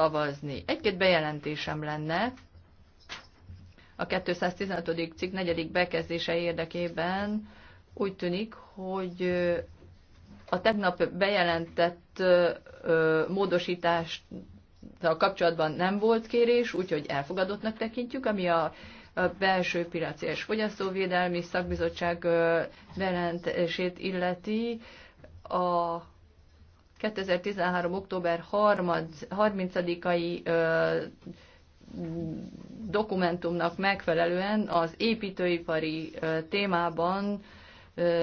szavazni. Egy-két bejelentésem lenne a 215. cikk negyedik bekezdése érdekében. Úgy tűnik, hogy a tegnap bejelentett módosítást a kapcsolatban nem volt kérés, úgyhogy elfogadottnak tekintjük, ami a belső piaci és fogyasztóvédelmi szakbizottság bejelentését illeti. A 2013. október 30-ai dokumentumnak megfelelően az építőipari témában